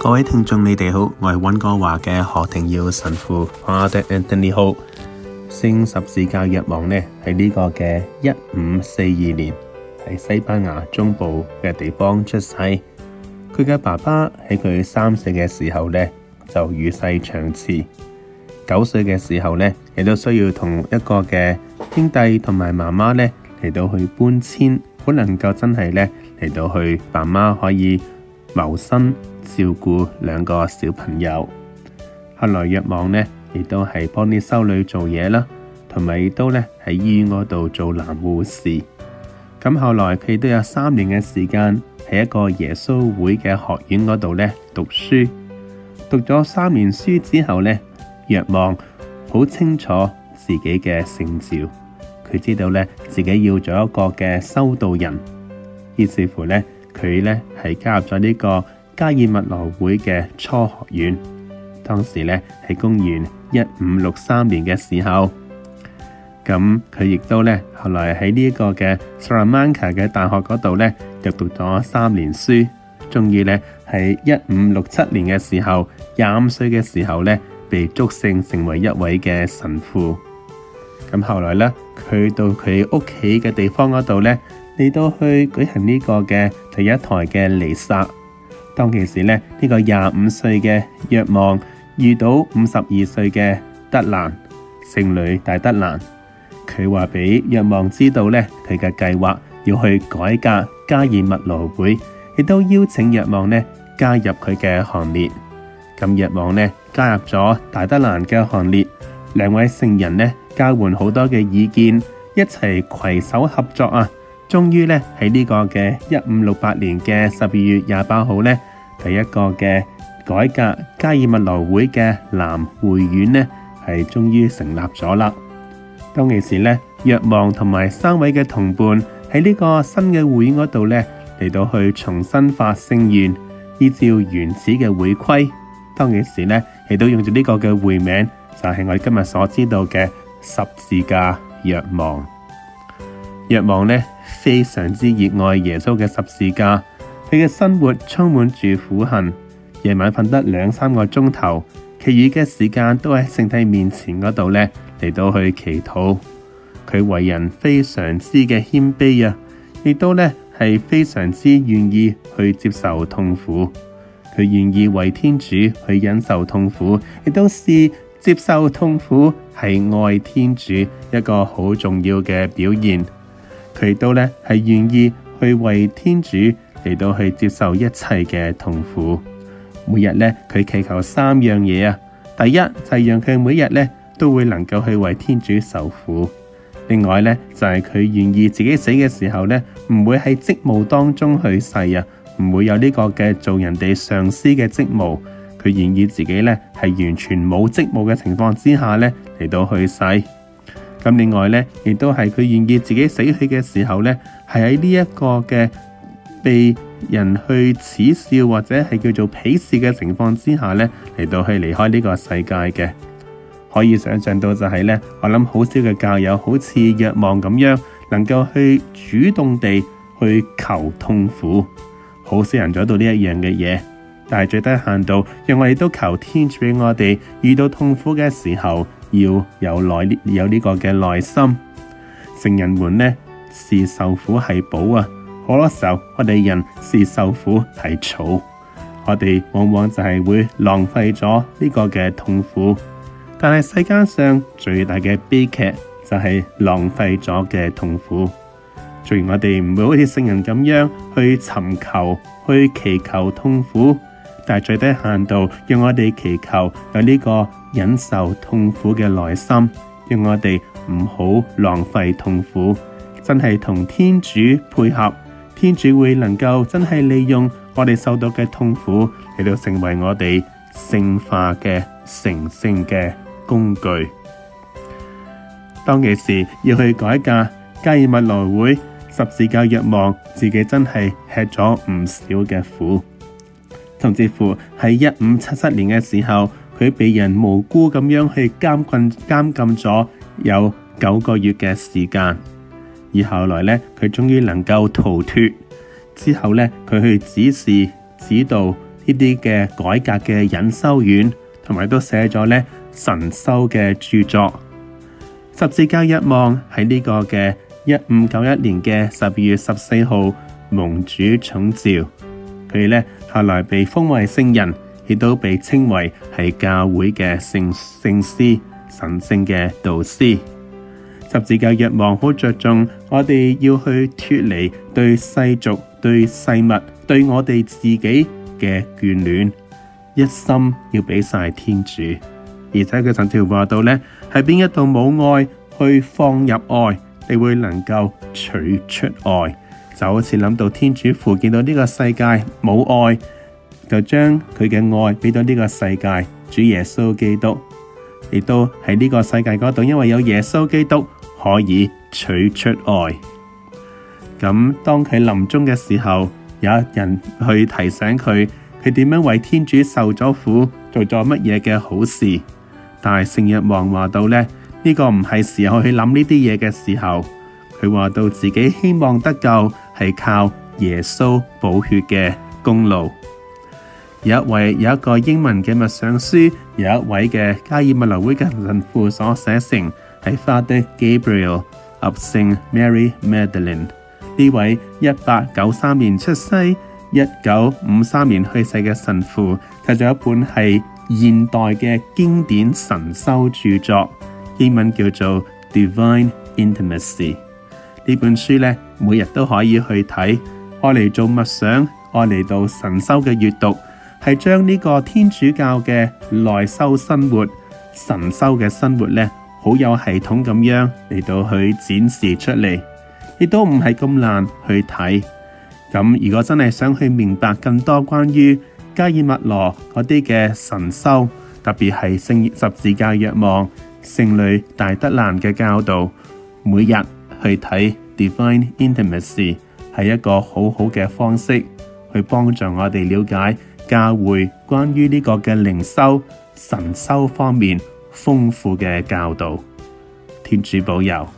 各位聽眾你哋好，我係溫哥華嘅何庭耀神父。Father Anthony Ho 好。聖十字若望呢，喺呢個嘅一五四二年喺西班牙中部嘅地方出世。佢嘅爸爸喺佢三歲嘅時候呢，就與世長辭。九歲嘅時候呢，亦都需要同一個嘅兄弟同埋媽媽呢，嚟到去搬遷，好能夠真係呢，嚟到去爸媽可以。謀生照顧兩個小朋友，後來若望呢，亦都係幫啲修女做嘢啦，同埋亦都呢喺醫院嗰度做男護士。咁後來佢都有三年嘅時間喺一個耶穌會嘅學院嗰度呢讀書，讀咗三年書之後呢，若望好清楚自己嘅聖召，佢知道呢，自己要做一個嘅修道人，於是乎呢。佢咧係加入咗呢個加爾默羅會嘅初學院，當時咧係公元一五六三年嘅時候。咁佢亦都咧後來喺呢個嘅 Salamanca 嘅大學嗰度咧，就讀讀咗三年書，終於咧喺一五六七年嘅時候，廿五歲嘅時候咧，被祝聖成，成為一位嘅神父。咁後來咧，佢到佢屋企嘅地方嗰度咧。嚟到去舉行呢個嘅第一台嘅彌撒。當其時咧，呢個廿五歲嘅若望遇到五十二歲嘅德蘭聖女大德蘭。佢話俾若望知道咧，佢嘅計劃要去改革加爾默羅會，亦都邀請若望咧加入佢嘅行列。咁若望咧加入咗大德蘭嘅行列，兩位聖人咧交換好多嘅意見，一齊攜手合作啊！終於咧喺呢個嘅一五六八年嘅十二月廿八號咧，第一個嘅改革加爾默羅會嘅男會院咧係終於成立咗啦。當其時咧，約望同埋三位嘅同伴喺呢個新嘅會院嗰度咧嚟到去重新發聖願，依照原始嘅會規。當其時咧，亦都用咗呢個嘅會名，就係我哋今日所知道嘅十字架約望。若望呢非常之熱愛耶穌嘅十字架，佢嘅生活充滿住苦行。夜晚瞓得兩三個鐘頭，其餘嘅時間都喺聖體面前嗰度呢嚟到去祈禱。佢為人非常之嘅謙卑啊，亦都呢係非常之願意去接受痛苦。佢願意為天主去忍受痛苦，亦都是接受痛苦係愛天主一個好重要嘅表現。佢都咧係願意去為天主嚟到去接受一切嘅痛苦。每日咧，佢祈求三樣嘢啊。第一就係、是、讓佢每日咧都會能夠去為天主受苦。另外咧就係佢願意自己死嘅時候咧，唔會喺職務當中去世啊，唔會有呢個嘅做人哋上司嘅職務。佢願意自己咧係完全冇職務嘅情況之下咧嚟到去世。咁另外呢，亦都係佢願意自己死去嘅時候呢，係喺呢一個嘅被人去恥笑或者係叫做鄙視嘅情況之下呢，嚟到去離開呢個世界嘅。可以想象到就係呢，我諗好少嘅教友好似若望咁樣，能夠去主動地去求痛苦。好少人做到呢一樣嘅嘢，但係最低限度，讓我哋都求天主俾我哋遇到痛苦嘅時候。要有內有呢個嘅內心，聖人們呢是受苦係寶啊。好多時候我哋人是受苦係草，我哋往往就係會浪費咗呢個嘅痛苦，但係世間上最大嘅悲劇就係浪費咗嘅痛苦，雖然我哋唔會好似聖人咁樣去尋求去祈求痛苦，但最低限度，要我哋祈求有呢個忍受痛苦嘅耐心，我要我哋唔好浪費痛苦，真係同天主配合，天主會能夠真係利用我哋受到嘅痛苦嚟到成為我哋聖化嘅成聖嘅工具。當其時要去改革，加爾默羅會、十字架、若望，自己真係吃咗唔少嘅苦。甚至乎喺一五七七年嘅時候，佢被人無辜咁樣去監困監禁咗有九個月嘅時間，而後來呢，佢終於能夠逃脫。之後呢，佢去指示指導呢啲嘅改革嘅隱修院，同埋都寫咗呢神修嘅著作《十字若望》。喺呢個嘅一五九一年嘅十二月十四號，蒙主寵召。佢咧後來被封為聖人，亦都被稱為係教會嘅聖聖師、神聖嘅導師。十字架若望好着重，我哋要去脱離對世俗、對世物、對我哋自己嘅眷戀，一心要畀晒天主。而且佢曾經話到咧，喺邊一度冇愛去放入愛，你會能夠取出愛。就好似諗到天主父見到呢個世界冇愛，就將佢嘅愛俾到呢個世界。主耶穌基督亦都喺呢個世界嗰度，因為有耶穌基督可以取出愛。咁當佢臨終嘅時候，有人去提醒佢，佢點樣為天主受咗苦，做咗乜嘢嘅好事。但係聖若望，話到呢，呢個唔係時候去諗呢啲嘢嘅時候。佢話到自己希望得救係靠耶穌寶血嘅功勞。有一位有一個英文嘅物上書，有一位嘅加爾默羅會嘅神父所寫成係 Father Gabriel，合姓 Mary Madeline。呢位一八九三年出世，一九五三年去世嘅神父，睇咗一本係現代嘅經典神修著作，英文叫做《Divine Intimacy》。呢本書呢，每日都可以去睇，愛嚟做默想，愛嚟到神修嘅閱讀，係將呢個天主教嘅內修生活、神修嘅生活呢，好有系統咁樣嚟到去展示出嚟，亦都唔係咁難去睇。咁如果真係想去明白更多關於加爾默羅嗰啲嘅神修，特別係聖十字架若望、聖女大德蘭嘅教導，每日，去睇 Divine Intimacy 係一個好好嘅方式，去幫助我哋了解教會關於呢個嘅靈修、神修方面豐富嘅教導，天主保佑。